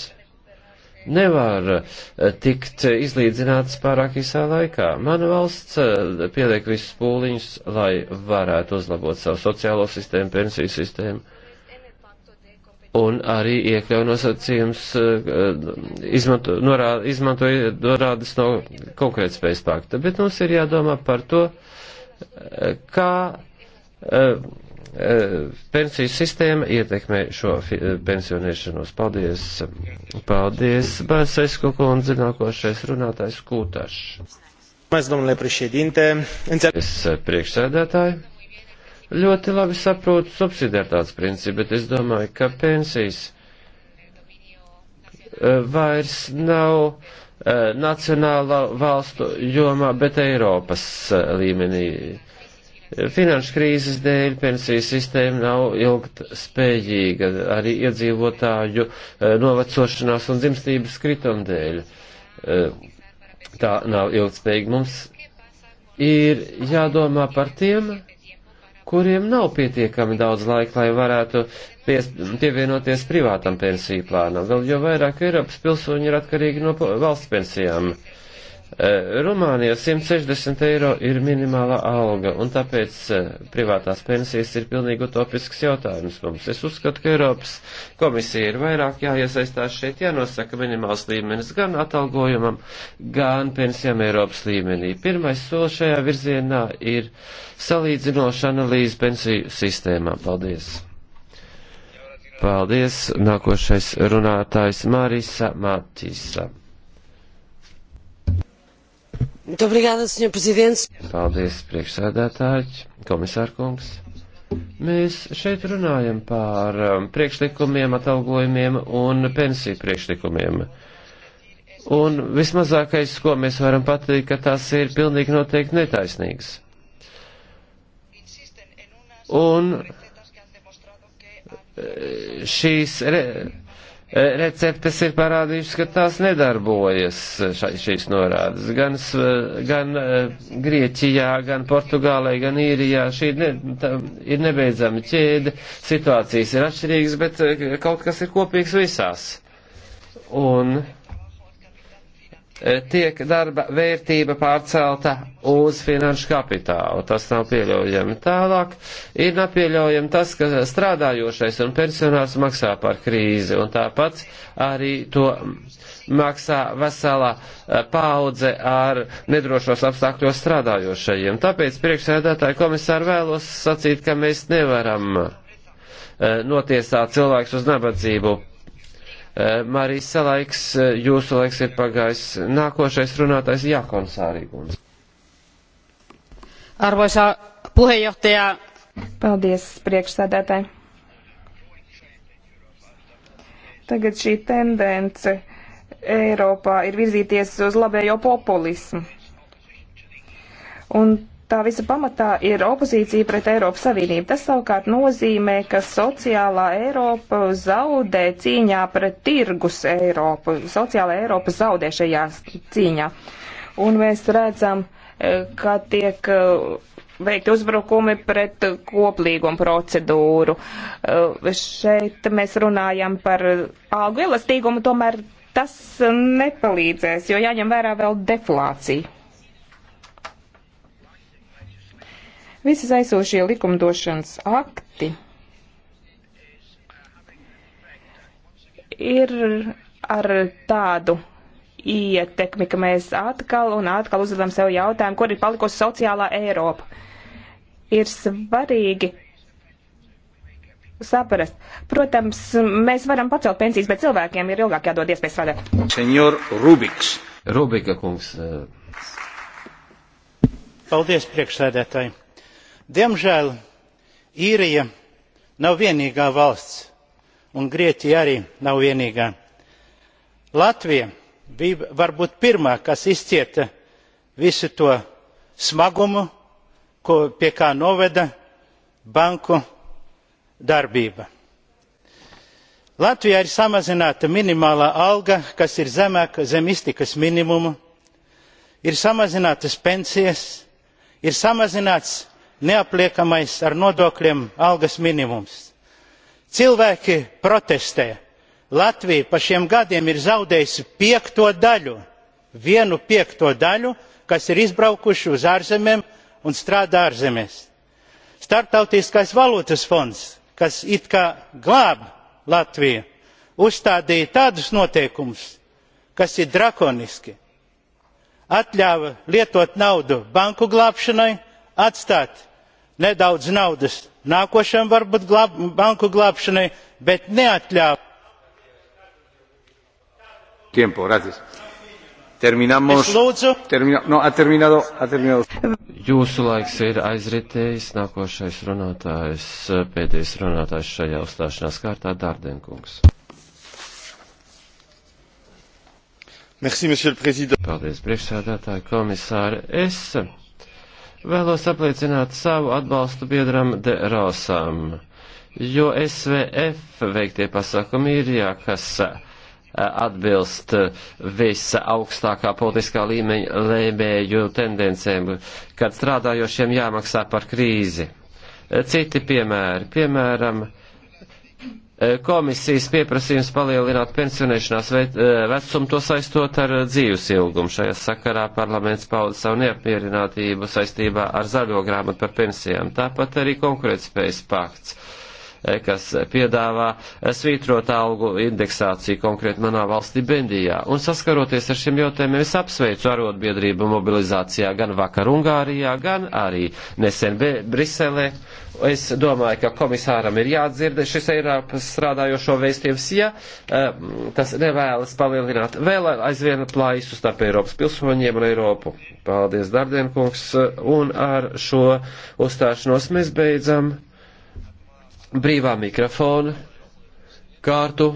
nevar eh, tikt izlīdzinātas pārāk īsā laikā. Mana valsts eh, pieliek visus pūliņus, lai varētu uzlabot savu sociālo sistēmu, pensiju sistēmu. Un arī iekļauj nosacījums, eh, izmanto, norā, izmantoja norādes no konkrētspējas pakta. Bet mums ir jādomā par to, kā Eh, pensiju sistēma ietekmē šo eh, pensionēšanos. Paldies! Paldies, Bāzaisko kundze, nākošais runātājs Kūtašs. Mēs, domnule priekšēdinte, es eh, priekšsēdētāju. Ļoti labi saprotu subsidiartāts principu, bet es domāju, ka pensijas vairs nav nacionālā valstu jomā, bet Eiropas līmenī Finanšu krīzes dēļ pensiju sistēma nav ilgt spējīga, arī iedzīvotāju eh, novecošanās un dzimstības krituma dēļ. Eh, tā nav ilgspējīga. Mums ir jādomā par tiem, kuriem nav pietiekami daudz laika, lai varētu pies, pievienoties privātam pensiju plānam. Vēl jau vairāk Eiropas pilsoņi ir atkarīgi no valsts pensijām. Uh, Eh, Rumānijā 160 eiro ir minimālā alga, un tāpēc eh, privātās pensijas ir pilnīgi utopisks jautājums mums. Es uzskatu, ka Eiropas komisija ir vairāk jāiesaistās šeit, jānosaka minimāls līmenis gan atalgojumam, gan pensijām Eiropas līmenī. Pirmais solis šajā virzienā ir salīdzinoša analīze pensiju sistēmām. Paldies! Paldies! Nākošais runātājs Marisa Matisa. Obrigada, senhor prezidents. Paldies, priekšsēdētāji, komisārkungs. Mēs šeit runājam par um, priekšlikumiem, atalgojumiem un pensiju priekšlikumiem. Un vismazākais, ko mēs varam pateikt, ka tās ir pilnīgi noteikti netaisnīgas. Un eh, šīs re, E, receptes ir parādījušas, ka tās nedarbojas šai, šīs norādes. Gan, gan e, Grieķijā, gan Portugālē, gan Īrijā šī ne, tā, ir nebeidzama ķēde, situācijas ir atšķirīgas, bet e, kaut kas ir kopīgs visās. Un tiek darba vērtība pārcelta uz finanšu kapitālu. Tas nav pieļaujami. Tālāk ir nepieļaujami tas, ka strādājošais un pensionārs maksā par krīzi, un tāpat arī to maksā vesela eh, paudze ar nedrošos apstākļos strādājošajiem. Tāpēc priekšsēdētāji komisāri vēlos sacīt, ka mēs nevaram eh, notiesāt cilvēks uz nabadzību Eh, Marijas salaiks, eh, jūsu laiks ir pagājis. Nākošais runātājs Jākons Ārīgums. Arvoisa puheenjohtaja. Paldies, priekšsēdētāji. Tagad šī tendence Eiropā ir virzīties uz labējo populismu. Un tā visa pamatā ir opozīcija pret Eiropas Savienību. Tas savukārt nozīmē, ka sociālā Eiropa zaudē cīņā pret tirgus Eiropu. Sociālā Eiropa zaudē šajā cīņā. Un mēs redzam, eh, ka tiek eh, veikti uzbrukumi pret koplīgumu procedūru. Eh, šeit mēs runājam par algu elastīgumu, tomēr tas nepalīdzēs, jo jāņem vērā vēl deflācija. Visi saisošie likumdošanas akti ir ar tādu ietekmi, ka mēs atkal un atkal uzdodam sev jautājumu, kur ir palikusi sociālā Eiropa. Ir svarīgi saprast. Protams, mēs varam pacelt pensijas, bet cilvēkiem ir ilgāk jādod iespēja strādāt. Senjor Rubiks. Rubika kungs. Eh, Paldies, priekšsēdētāji diemžēl īrija nav vienīgā valsts un grieķija arī nav vienīgā. latvija bija varbūt pirmā kas izcieta visu to smagumu ko, pie kā noveda banku darbība. latvijā ir samazināta minimālā alga kas ir zemāka zem iztikas minimumu ir samazinātas pensijas ir samazināts neapliekamais ar nodokļiem algas minimums. cilvēki protestē. latvija pa šiem gadiem ir zaudējusi piekto daļu vienu piekto daļu kas ir izbraukuši uz ārzemēm un strādā ārzemēs. starptautiskais valūtas fonds kas it kā glāb latviju uzstādīja tādus noteikumus kas ir drakoniski atļāva lietot naudu banku glābšanai atstāt nedaudz naudas nākošajam varbūt glāb, banku glābšanai bet neatļāva Tiempo, gracias. Terminamos. Lūdzu. Termina, no, ha terminado, ha terminado. Jūsu laiks ir aizritējis. Nākošais runātājs, pēdējais runātājs šajā uzstāšanās kārtā, Dārdenkungs. Merci, monsieur le président. Paldies, priekšsēdētāji komisāri. Es Vēlos apliecināt savu atbalstu biedram De Rosam, jo SVF veiktie pasākumi ir jākas atbilst visa augstākā politiskā līmeņa lēmēju tendencēm, kad strādājošiem jāmaksā par krīzi. Citi piemēri, piemēram, Eh, komisijas pieprasījums palielināt pensionēšanās eh, vecumu to saistot ar eh, dzīves ilgumu. Šajā sakarā parlaments pauda savu neapmierinātību saistībā ar zaļo grāmatu par pensijām. Tāpat arī konkurētspējas pakts Eh, kas piedāvā eh, svītrot algu indeksāciju konkrēti manā valstī Bendijā. Un saskaroties ar šiem jautājumiem, es apsveicu arotbiedrību mobilizācijā gan vakar Ungārijā, gan arī nesen Briselē. Es domāju, ka komisāram ir jādzird šis Eiropas strādājošo vēstījums, ja eh, tas nevēlas palielināt vēl aizvienu plaisu starp Eiropas pilsoņiem un Eiropu. Paldies, Dardienkungs, un ar šo uzstāšanos mēs beidzam brīvā mikrofona kārtu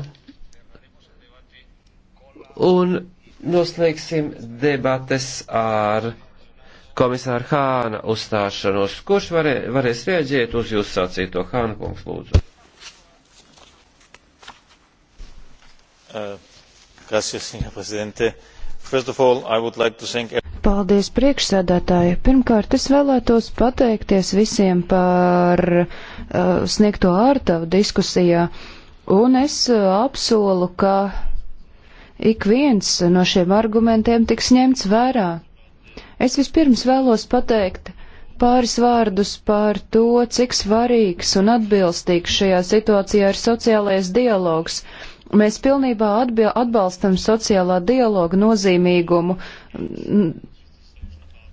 un noslēgsim debates ar komisāru Hāna uzstāšanos. Kurš varē, varēs rēģēt uz jūsu sacīto Hāna kungs lūdzu? Uh, gracias, señor presidente. First of all, I would like to thank Paldies priekšsēdētāji. Pirmkārt, es vēlētos pateikties visiem par uh, sniegto ārtavu diskusijā, un es uh, apsolu, ka ik viens no šiem argumentiem tiks ņemts vērā. Es vispirms vēlos pateikt pāris vārdus par to, cik svarīgs un atbilstīgs šajā situācijā ir sociālais dialogs. Mēs pilnībā atbalstam sociālā dialoga nozīmīgumu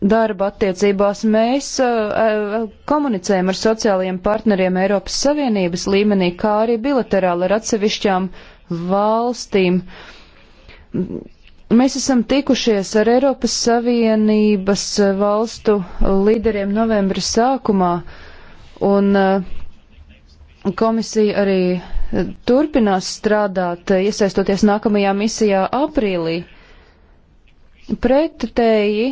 darba attiecībās mēs uh, komunicējam ar sociālajiem partneriem Eiropas Savienības līmenī, kā arī bilaterāli ar atsevišķām valstīm. Mēs esam tikušies ar Eiropas Savienības eh, valstu līderiem novembra sākumā, un uh, komisija arī turpinās strādāt, iesaistoties nākamajā misijā aprīlī. Pretēji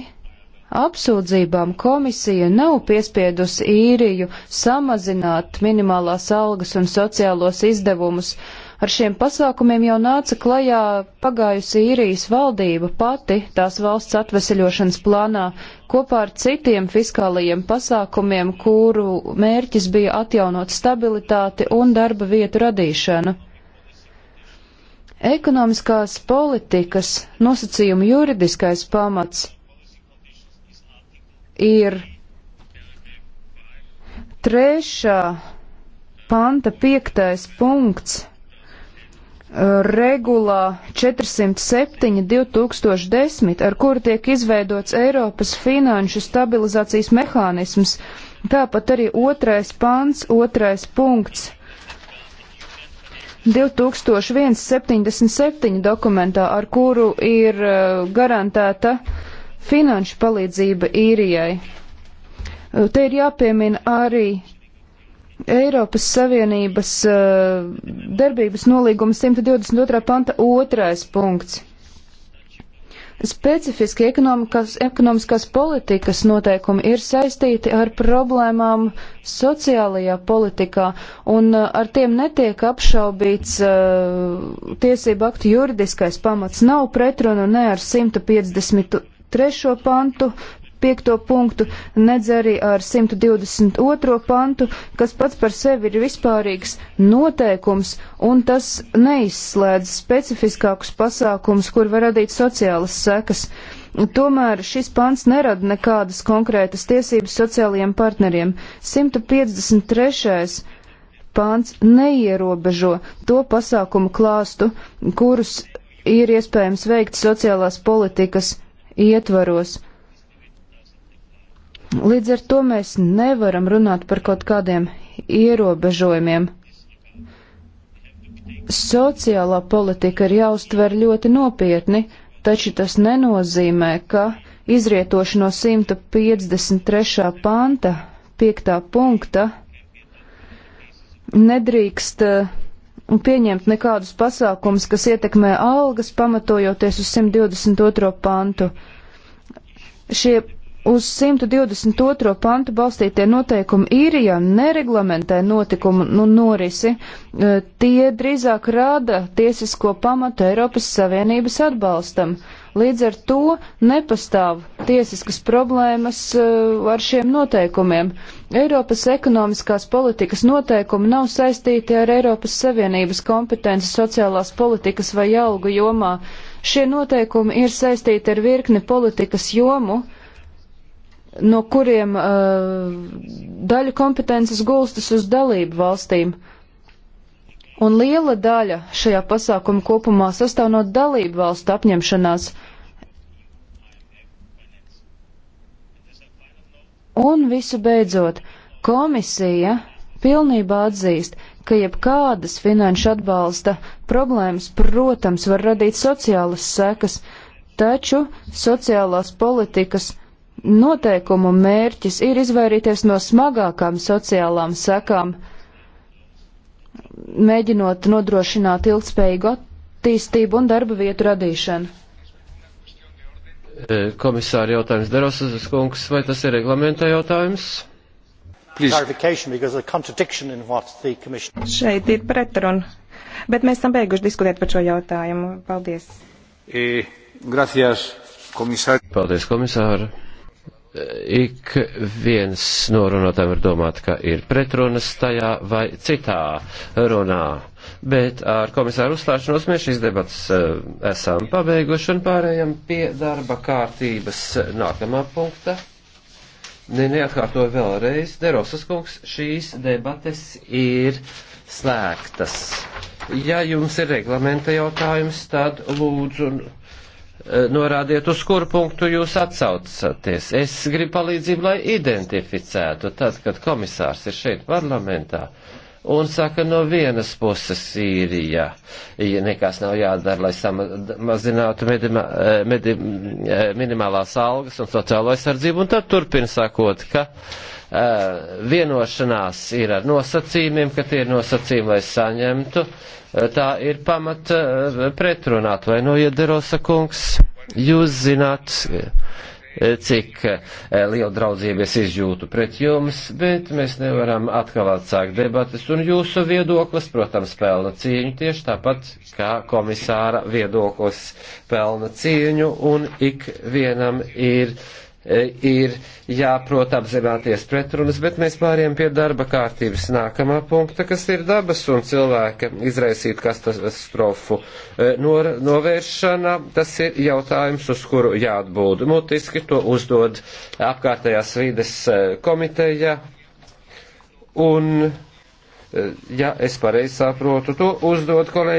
apsūdzībām komisija nav piespiedusi īriju samazināt minimālās algas un sociālos izdevumus. Ar šiem pasākumiem jau nāca klajā pagājusi īrijas valdība pati tās valsts atveseļošanas plānā kopā ar citiem fiskālajiem pasākumiem, kuru mērķis bija atjaunot stabilitāti un darba vietu radīšanu. Ekonomiskās politikas nosacījuma juridiskais pamats ir trešā panta piektais punkts uh, regulā 407 2010, ar kuru tiek izveidots Eiropas finanšu stabilizācijas mehānisms, tāpat arī otrais pants, otrais punkts 2177 dokumentā, ar kuru ir uh, garantēta uh, Finanšu palīdzība īrijai. Uh, te ir jāpiemina arī Eiropas Savienības uh, darbības nolīguma 122. panta otrais punkts. Specifiski ekonomikas, ekonomiskās politikas noteikumi ir saistīti ar problēmām sociālajā politikā, un uh, ar tiem netiek apšaubīts uh, tiesību aktu juridiskais pamats. Nav pretrunu ne ar 150 trešo pantu piekto punktu, nedz arī ar 122. pantu, kas pats par sevi ir vispārīgs noteikums, un tas neizslēdz specifiskākus pasākumus, kur var radīt sociālas sekas. Tomēr šis pants nerada nekādas konkrētas tiesības sociālajiem partneriem. 153. pants neierobežo to pasākumu klāstu, kurus ir iespējams veikt sociālās politikas ietvaros. Līdz ar to mēs nevaram runāt par kaut kādiem ierobežojumiem. Sociālā politika ir jāuztver ļoti nopietni, taču tas nenozīmē, ka izrietoši no 153. panta 5. punkta nedrīkst uh, un pieņemt nekādus pasākumus, kas ietekmē algas, pamatojoties uz 122. pantu. Šie Uz 122. pantu balstītie noteikumi īrijā nereglamentē notikumu nu, norisi. E, tie drīzāk rāda tiesisko pamatu Eiropas Savienības atbalstam. Līdz ar to nepastāv tiesiskas problēmas e, ar šiem noteikumiem. Eiropas ekonomiskās politikas noteikumi nav saistīti ar Eiropas Savienības kompetenci sociālās politikas vai algu jomā. Šie noteikumi ir saistīti ar virkni politikas jomu no kuriem uh, daļa kompetences gulstas uz dalību valstīm. Un liela daļa šajā pasākuma kopumā sastāv no dalību valstu apņemšanās. Un visu beidzot, komisija pilnībā atzīst, ka jebkādas finanšu atbalsta problēmas, protams, var radīt sociālas sekas, taču sociālās politikas noteikumu mērķis ir izvairīties no smagākām sociālām sekām, mēģinot nodrošināt ilgspējīgu attīstību un darba vietu radīšanu. E, komisāri jautājums Derosas kungs, vai tas ir reglamenta jautājums? Šeit ir pretruna, bet mēs esam beiguši diskutēt par šo jautājumu. Paldies. E, gracias, komisāri. Paldies, komisāri ik viens no runātājiem var domāt, ka ir pretrunas tajā vai citā runā. Bet ar komisāru uzstāšanos mēs šīs debatas eh, esam pabeiguši un pārējām pie darba kārtības nākamā punkta. Ne, neatkārtoju vēlreiz, Derosas kungs, šīs debates ir slēgtas. Ja jums ir reglamenta jautājums, tad lūdzu Eh, norādiet, uz kuru punktu jūs atsaucaties. Es gribu palīdzību, lai identificētu tad, kad komisārs ir šeit parlamentā. Un saka, no vienas puses Sīrija, ja nekas nav jādara, lai samazinātu medima, eh, medi, eh, minimālās algas un sociālo aizsardzību, un tad turpina sakot, ka uh, vienošanās ir ar nosacījumiem, ka tie ir nosacījumi, lai saņemtu uh, tā ir pamat eh, pretrunāt, vai no iederosa kungs, jūs zināt, eh, cik eh, lielu draudzību es izjūtu pret jums, bet mēs nevaram atkal atsākt debatas, un jūsu viedoklis, protams, pelna cīņu tieši tāpat kā komisāra viedoklis pelna cīņu, un ik vienam ir E, ir jāprot apzināties pretrunas, bet mēs pāriem pie darba kārtības nākamā punkta, kas ir dabas un cilvēka izraisīt katastrofu e, Nor, novēršana. Tas ir jautājums, uz kuru jāatbūda. Mutiski to uzdod apkārtējās vides e, komiteja. Un, ja es pareizi saprotu, to uzdod kolēģi.